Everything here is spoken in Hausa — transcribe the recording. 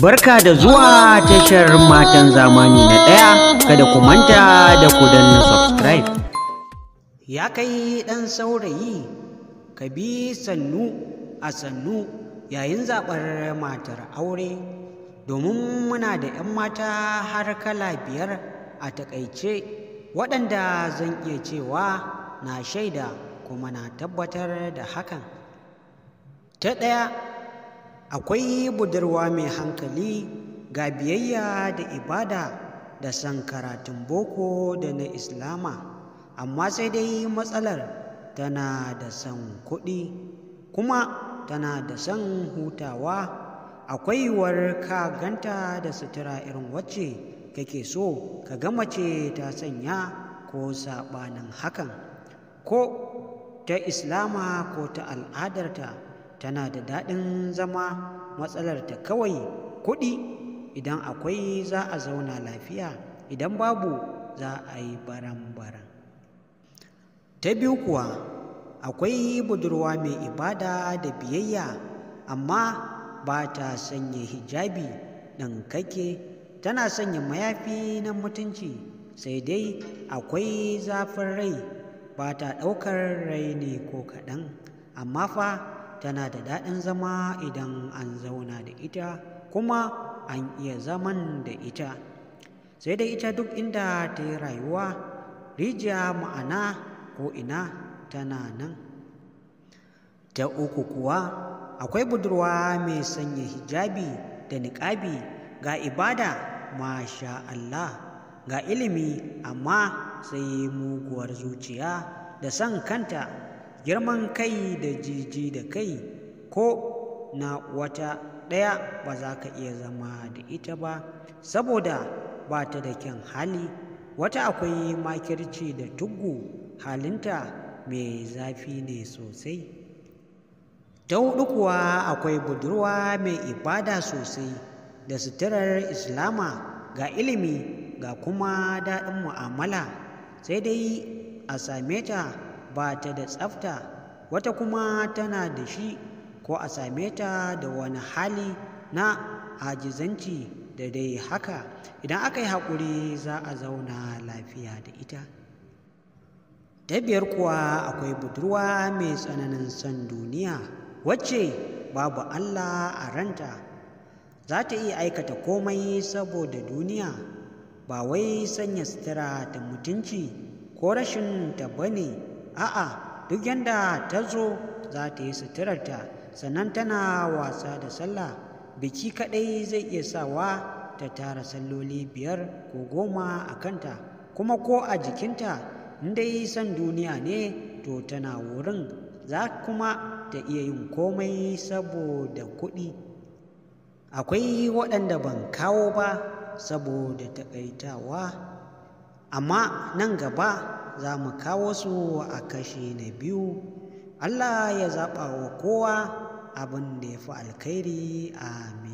Barka da zuwa tashar matan zamani na ɗaya kada ku manta da ku danna subscribe. Ya kai ɗan saurayi, ka bi sannu a sannu yayin zaɓar matar aure domin muna da 'yan mata har kala biyar a taƙaice waɗanda zan iya cewa na shaida kuma na tabbatar da hakan. Ta ɗaya akwai budurwa mai hankali ga biyayya da ibada da san karatun boko da na islama amma sai dai matsalar tana da san kuɗi kuma tana da san hutawa akwai yiwuwar ka ganta da sutura irin wacce kake so ka gama ce ta sanya ko saɓanin hakan ko ta islama ko ta al'adarta tana da daɗin zama matsalar ta kawai kuɗi idan akwai za a zauna lafiya idan babu za a yi baran-baran ta biyu kuwa akwai budurwa mai ibada da biyayya amma ba ta sanya hijabi kake tana sanya mayafi na mutunci sai dai akwai zafin rai ba ta ɗaukar ne ko kaɗan amma fa tana da daɗin zama idan an zauna da ita kuma an iya zaman da ita sai da ita duk inda ta yi rayuwa rijiya ma'ana ko ina tana nan ta uku kuwa akwai budurwa mai sanya hijabi da niƙabi ga ibada masha Allah ga ilimi amma sai muguwar zuciya da san kanta girman kai da jiji da kai ko na wata ɗaya ba za ka iya zama da ita ba saboda ba ta da kyan hali wata akwai makirci da tugu halinta mai zafi ne sosai ta hudu kuwa akwai budurwa mai ibada sosai da suturar islama ga ilimi ga kuma daɗin mu'amala sai dai a same ta ba ta da tsafta wata kuma tana da shi ko a same ta da wani hali na ajizanci da dai haka idan aka yi haƙuri za a zauna lafiya da ita ta biyar kuwa akwai budurwa mai tsananin son duniya wacce babu allah a ranta za ta iya aikata komai saboda duniya ba wai sanya sutura ta mutunci ko rashin ta bane a'a duk yanda ta zo za ta yi suturarta sannan tana wasa da sallah biki kaɗai zai iya sawa ta tara salloli biyar ko goma a kanta kuma ko a jikinta yi san duniya ne to tana wurin za kuma ta iya yin komai saboda kuɗi akwai waɗanda ban kawo ba saboda taƙaitawa amma nan gaba za mu kawo su a kashi na biyu Allah ya zaɓa wa kowa abin da ya fi alkhairi amin